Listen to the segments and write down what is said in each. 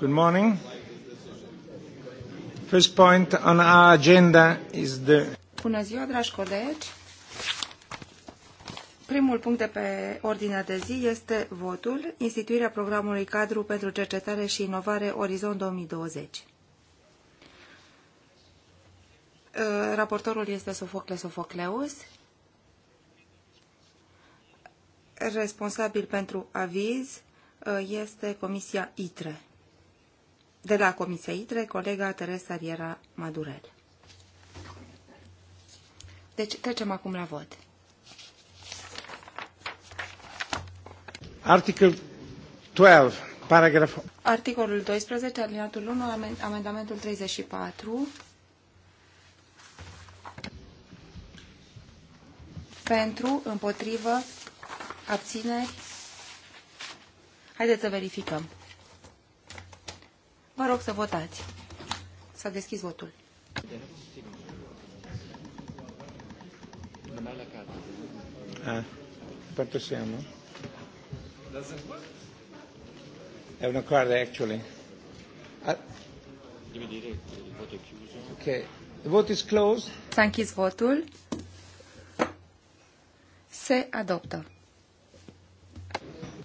Good morning. First point on our agenda is the... Bună ziua, dragi colegi. Primul punct de pe ordinea de zi este votul, instituirea programului cadru pentru cercetare și inovare Orizont 2020. Uh, raportorul este Sofocle Sofocleus, responsabil pentru aviz uh, este Comisia ITRE de la Comisia ITRE, colega Teresa Riera Madurel. Deci trecem acum la vot. Article 12, paragraf... Articolul 12, alineatul 1, amendamentul 34. Pentru, împotrivă, abțineri. Haideți să verificăm. Vă rog să votați. S-a deschis votul. Pentru ce am? È una quarta, actually. Ah. Ok. The vote is closed. S-a închis votul. Se adoptă.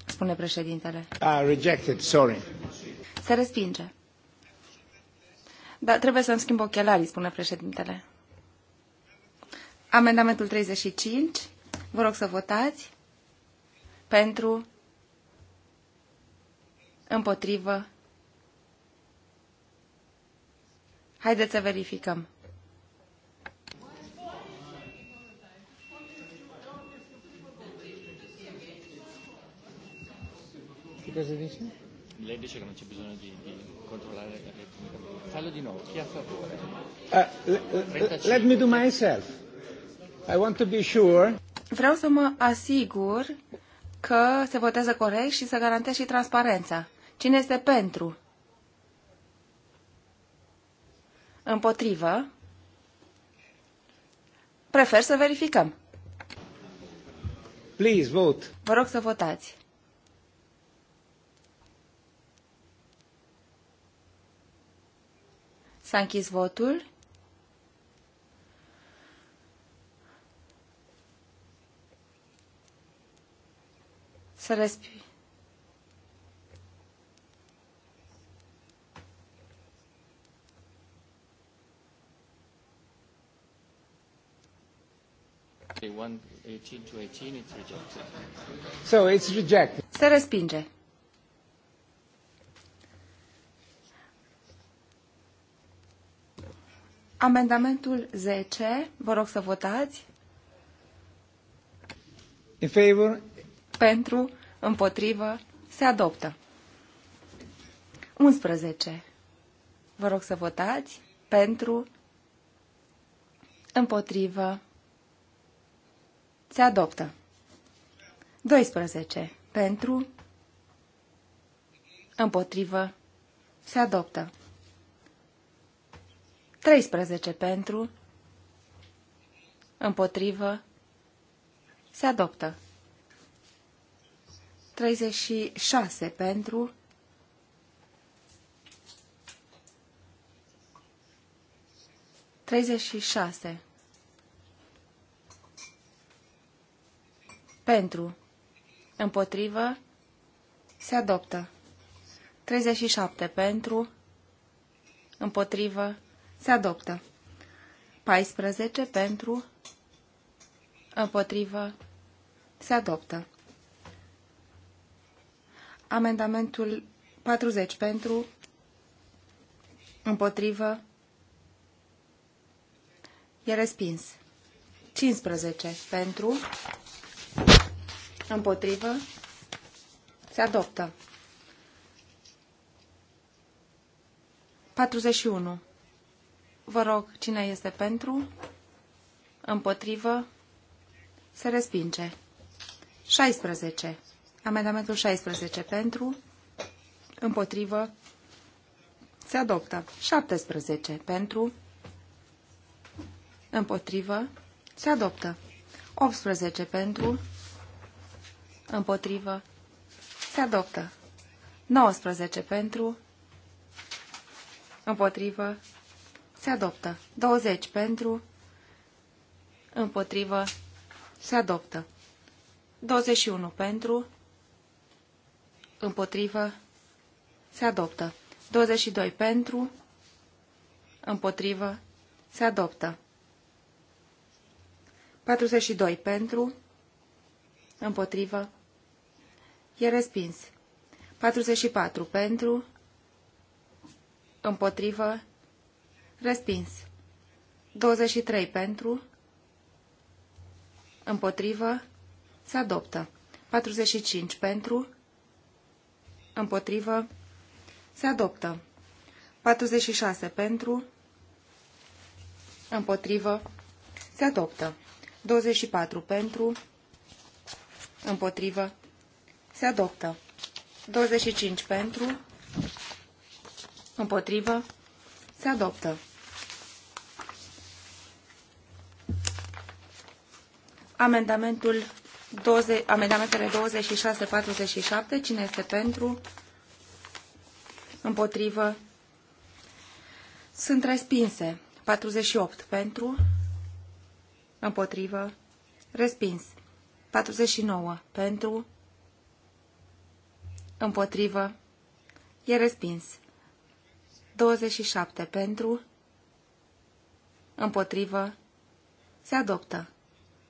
Spune președintele. Ah, rejected, sorry. Se respinge. Da, trebuie să-mi schimb ochelarii, spune președintele. Amendamentul 35. Vă rog să votați. Pentru. Împotrivă. Haideți să verificăm. Președinte? Lei dice che non c'è bisogno di, di controllare la repubblica. Fallo di nuovo. Chi ha a favore? Uh, let me do myself. I want to be sure. Vreau să mă asigur că se votează corect și să garantez și transparența. Cine este pentru? Împotrivă? Prefer să verificăm. Please vote. Vă rog să votați. S-a închis votul. Să respi. So it's rejected. Se respinge. Amendamentul 10, vă rog să votați. In favor. Pentru, împotrivă, se adoptă. 11. Vă rog să votați pentru, împotrivă, se adoptă. 12. Pentru, împotrivă, se adoptă. 13 pentru, împotrivă, se adoptă. 36 pentru, treizeci și șase pentru împotrivă se adoptă treizeci și șapte pentru împotrivă se adoptă. 14 pentru, împotrivă, se adoptă. Amendamentul 40 pentru, împotrivă, e respins. 15 pentru, împotrivă, se adoptă. 41 Vă rog, cine este pentru? Împotrivă? Se respinge. 16. Amendamentul 16 pentru? Împotrivă? Se adoptă. 17 pentru? Împotrivă? Se adoptă. 18 pentru? Împotrivă? Se adoptă. 19 pentru? Împotrivă? se adoptă. 20 pentru, împotrivă, se adoptă. 21 pentru, împotrivă, se adoptă. 22 pentru, împotrivă, se adoptă. 42 pentru, împotrivă, e respins. 44 pentru, împotrivă, Respins. 23 pentru. Împotrivă. Se adoptă. 45 pentru. Împotrivă. Se adoptă. 46 pentru. Împotrivă. Se adoptă. 24 pentru. Împotrivă. Se adoptă. 25 pentru. Împotrivă. Se adoptă. Amendamentul 20, amendamentele 26-47, cine este pentru? Împotrivă. Sunt respinse. 48 pentru. Împotrivă. Respins. 49 pentru. Împotrivă. E respins. 27 pentru. Împotrivă. Se adoptă.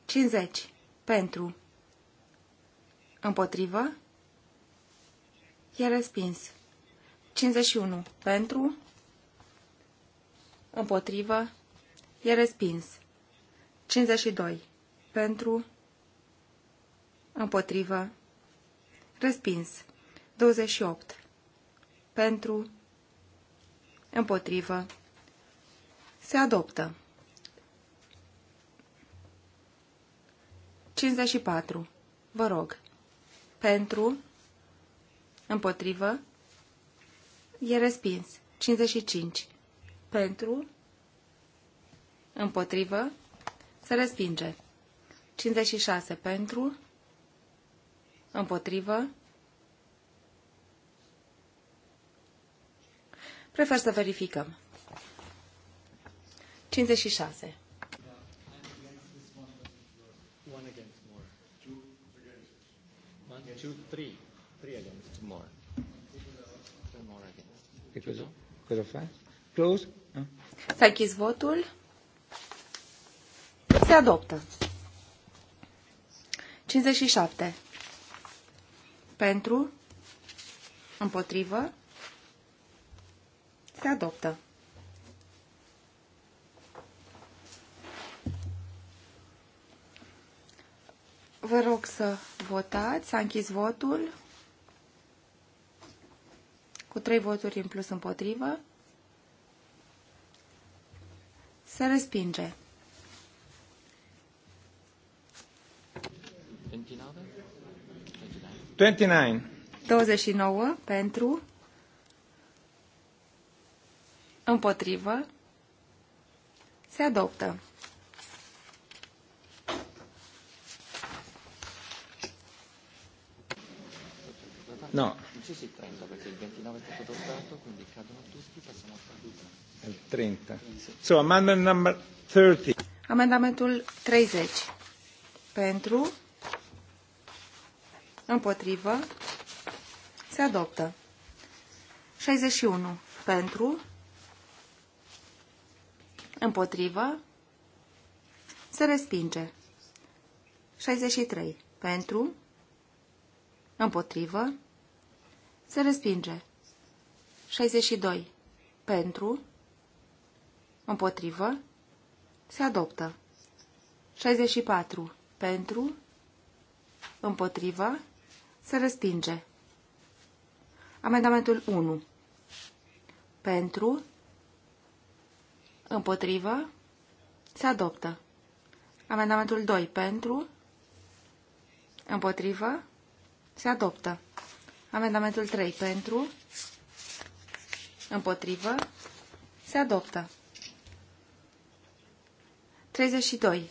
50. Pentru. Împotrivă. E respins. 51. Pentru. Împotrivă. E respins. 52. Pentru. Împotrivă. Respins. 28. Pentru. Împotrivă. Se adoptă. 54. Vă rog. Pentru. Împotrivă. E respins. 55. Pentru. Împotrivă. Se respinge. 56. Pentru. Împotrivă. Prefer să verificăm. 56. two, three. Three against. Two more. Two more against. Because because of that? Close? S-a închis votul. Se adoptă. 57. Pentru. Împotrivă. Se adoptă. Vă rog să votat, s-a închis votul cu trei voturi în plus împotrivă. Se respinge. Twenty-nine. 29 pentru, împotrivă, se adoptă. No. 30, perché il 29 è stato adottato, quindi cadono tutti, passiamo al 30. Il 30. So, amendment number 30. Amendamentul 30. Pentru. Împotrivă. Se adoptă. 61. Pentru. Împotrivă. Se respinge. 63. Pentru. Împotrivă. Se respinge. 62. Pentru. Împotrivă. Se adoptă. 64. Pentru. Împotrivă. Se respinge. Amendamentul 1. Pentru. Împotrivă. Se adoptă. Amendamentul 2. Pentru. Împotrivă. Se adoptă. Amendamentul 3 pentru, împotrivă, se adoptă. 32.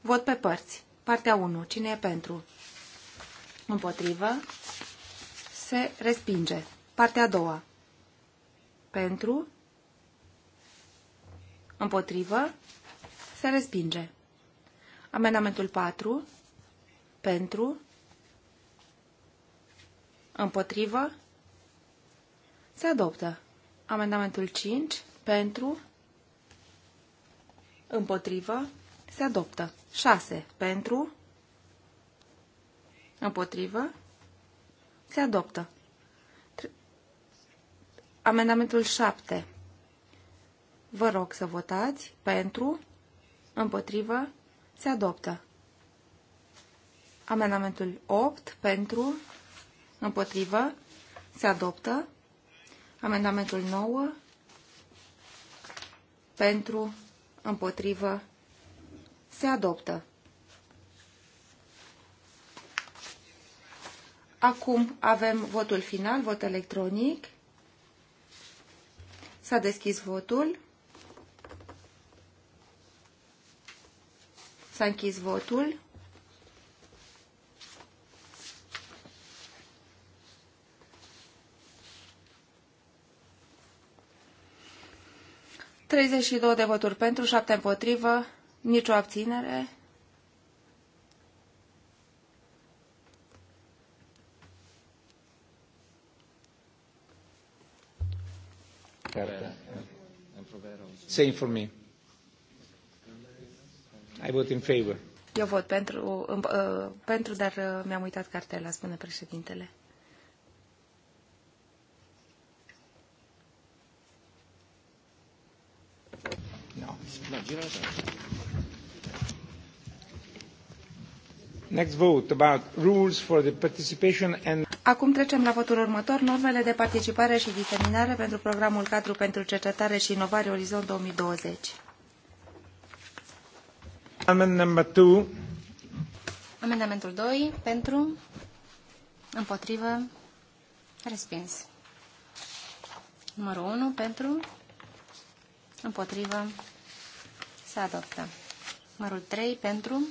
Vot pe părți. Partea 1. Cine e pentru? Împotrivă. Se respinge. Partea a doua. Pentru. Împotrivă. Se respinge. Amendamentul 4. Pentru. Împotrivă. Se adoptă. Amendamentul 5. Pentru. Împotrivă. Se adoptă. 6. Pentru. Împotrivă. Se adoptă. Amendamentul 7. Vă rog să votați pentru, împotrivă, se adoptă. Amendamentul 8 pentru, Împotrivă. Se adoptă. Amendamentul 9. Pentru. Împotrivă. Se adoptă. Acum avem votul final, vot electronic. S-a deschis votul. S-a închis votul. 32 de voturi pentru, 7 împotrivă, nicio abținere. Same for me. I vote in favor. Eu vot pentru, uh, pentru dar uh, mi-am uitat cartela, spune președintele. Da. Next vote about rules for the participation and Acum trecem la votul următor, normele de participare și diseminare pentru programul cadru pentru cercetare și inovare Orizont 2020. Amendamentul 2. Amendamentul 2 pentru, împotrivă, respins. Numărul 1 pentru, împotrivă, se adoptă. Numărul 3 pentru,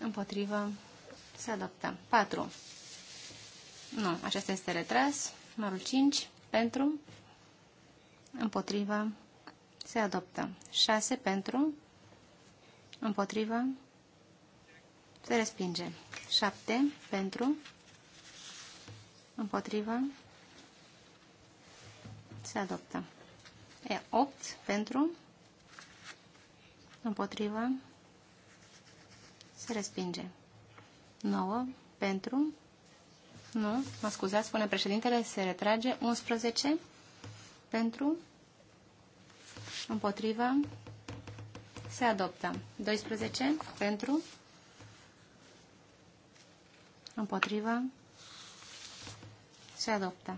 împotrivă, se adoptă. 4. Nu, acesta este retras. Numărul 5 pentru, împotrivă, se adoptă. 6 pentru, împotrivă, se respinge. 7 pentru, împotrivă, se adoptă. E 8 pentru, împotrivă, se respinge. 9 pentru, nu, mă scuzați, spune președintele, se retrage. 11 pentru, împotrivă, se adoptă. 12 pentru, împotrivă, se adoptă.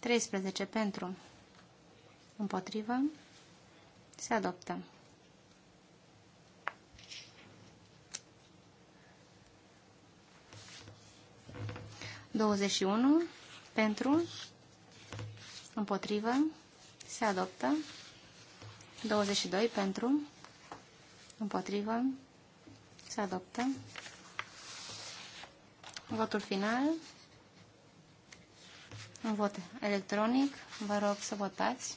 13 pentru, împotrivă, se adoptă. 21 pentru, împotrivă, se adoptă. 22 pentru, împotrivă, se adoptă. Votul final, un vot electronic, vă rog să votați.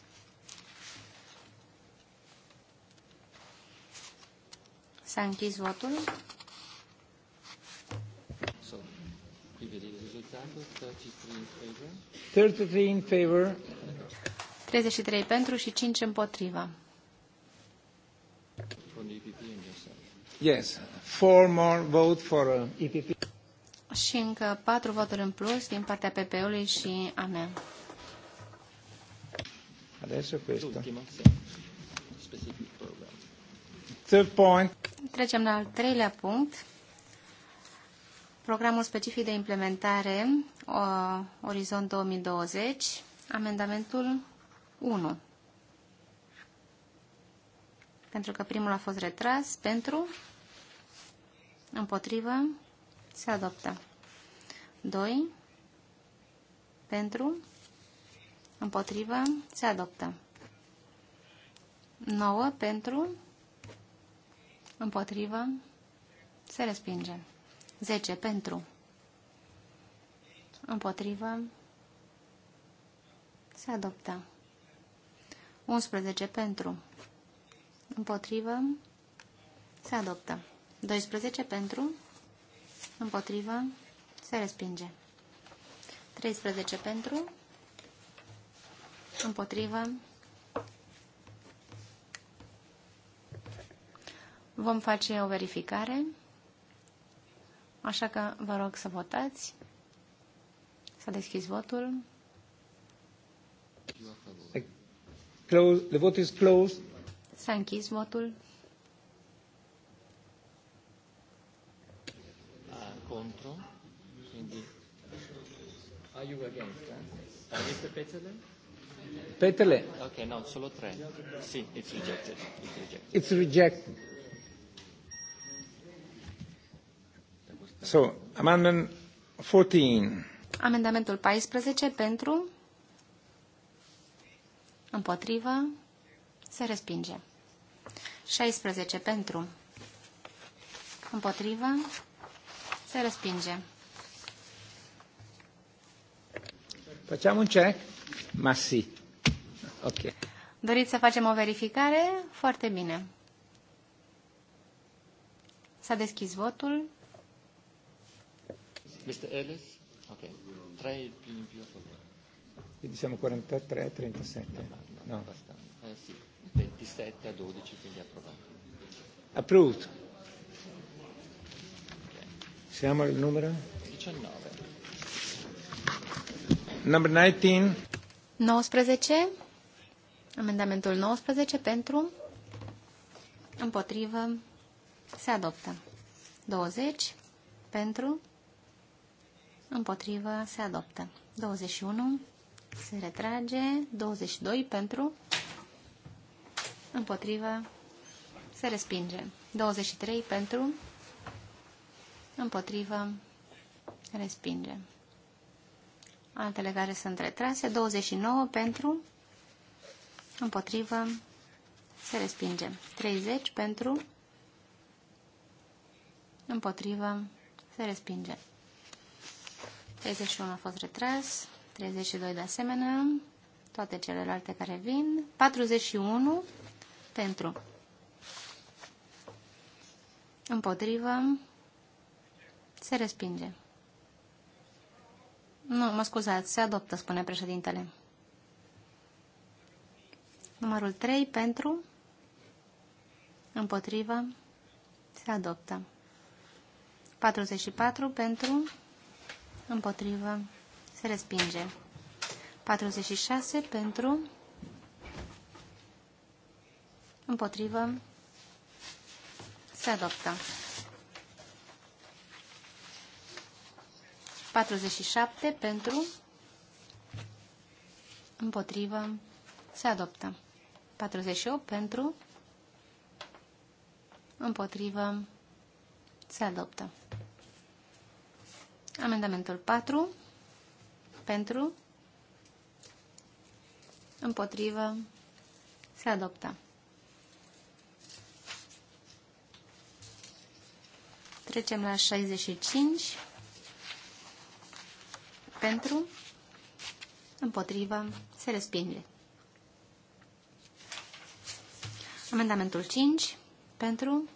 S-a închis votul. 33 in favor. 33 pentru și 5 împotriva. Yes, four more vote for uh, EPP. Și încă patru voturi în plus din partea PP-ului și a mea. Adesso questo. Third point. Trecem la al treilea punct. Programul specific de implementare, uh, Orizont 2020, amendamentul 1. Pentru că primul a fost retras, pentru, împotrivă, se adoptă. 2. Pentru, împotrivă, se adoptă. 9. Pentru, împotrivă, se respinge. 10 pentru. Împotrivă. Se adoptă. 11 pentru. Împotrivă. Se adoptă. 12 pentru. Împotrivă. Se respinge. 13 pentru. Împotrivă. Vom face o verificare. Așa că vă rog să votați. Să a deschis votul. The vote is closed. S-a închis votul. Uh, Contro. Are you against? Eh? Mr. Petele? Petele. Ok, no, solo tre. Sì, it's rejected. It's rejected. It's rejected. 14. Amendamentul 14 pentru, împotrivă, se respinge. 16 pentru, împotrivă, se respinge. Facem un check? Ma Ok. Doriți să facem o verificare? Foarte bine. S-a deschis votul. Mr. Ellis? Ok. 3 più in più. Quindi siamo 43 a 37. No, no, no. abbastanza. Eh, sì, 27 a 12, quindi approvato. Approved. Okay. Siamo al numero? 19. Number 19. 19. Amendamentul 19 pentru, împotrivă, se adoptă. 20 pentru, împotrivă, se adoptă. 21 se retrage, 22 pentru, împotrivă, se respinge. 23 pentru, împotrivă, respinge. Altele care sunt retrase, 29 pentru, împotrivă, se respinge. 30 pentru, împotrivă, se respinge. 31 a fost retras, 32 de asemenea, toate celelalte care vin, 41 pentru, împotrivă, se respinge. Nu, mă scuzați, se adoptă, spune președintele. Numărul 3 pentru, împotrivă, se adoptă. 44 pentru, împotrivă, se respinge. 46 pentru, împotrivă, se adoptă. 47 pentru, împotrivă, se adoptă. 48 pentru, împotrivă, se adoptă. Amendamentul 4 pentru, împotrivă, se adoptă. Trecem la 65 pentru, împotrivă, se respinge. Amendamentul 5 pentru,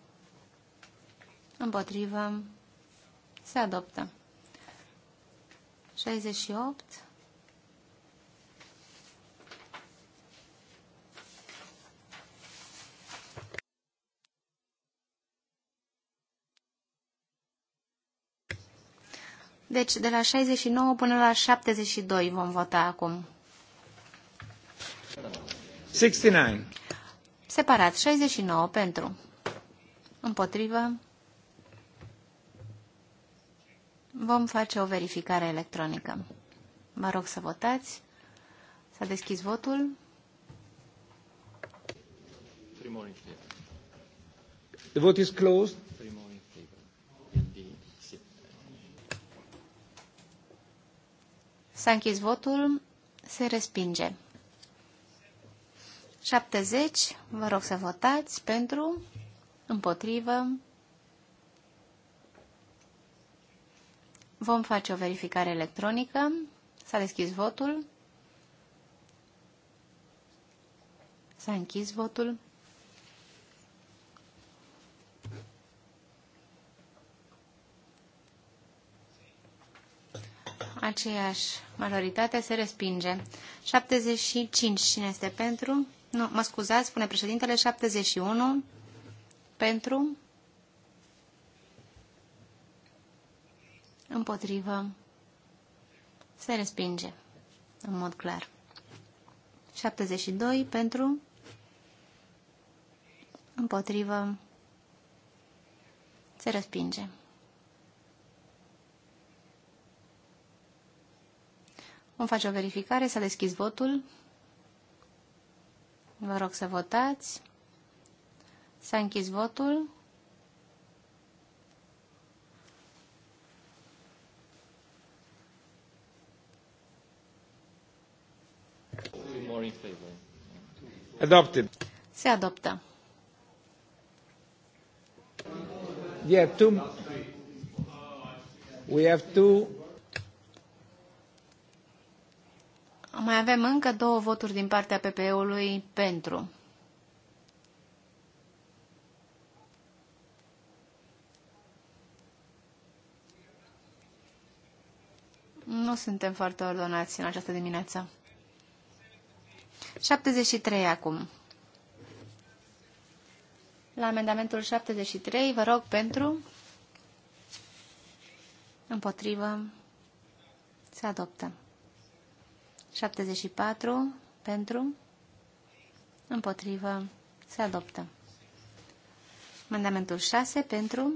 împotrivă, se adoptă. 68. Deci de la 69 până la 72 vom vota acum. 69. Separat, 69 pentru. Împotrivă. Vom face o verificare electronică. Vă rog să votați. S-a deschis votul. The vote is closed. S-a închis votul. Se respinge. 70. Vă rog să votați pentru, împotrivă, Vom face o verificare electronică. S-a deschis votul. S-a închis votul. Aceeași majoritate se respinge. 75. Cine este pentru? Nu, mă scuzați, spune președintele. 71. Pentru. împotrivă, se respinge în mod clar. 72 pentru, împotrivă, se respinge. Vom face o verificare, s-a deschis votul. Vă rog să votați. S-a închis votul. in favor? Adopted. Se adoptă. Yeah, two. We have two. Mai avem încă două voturi din partea PPE-ului pentru. Nu suntem foarte ordonați în această dimineață. 73 acum. La amendamentul 73, vă rog pentru, împotrivă, se adoptă. 74 pentru, împotrivă, se adoptă. Amendamentul 6 pentru,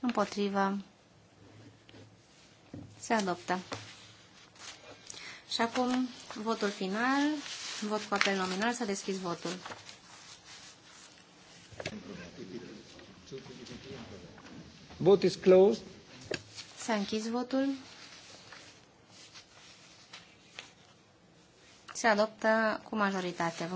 împotrivă, se adoptă. Și acum votul final, vot cu apel nominal, s-a deschis votul. Vot is closed. S-a închis votul. Se adoptă cu majoritate.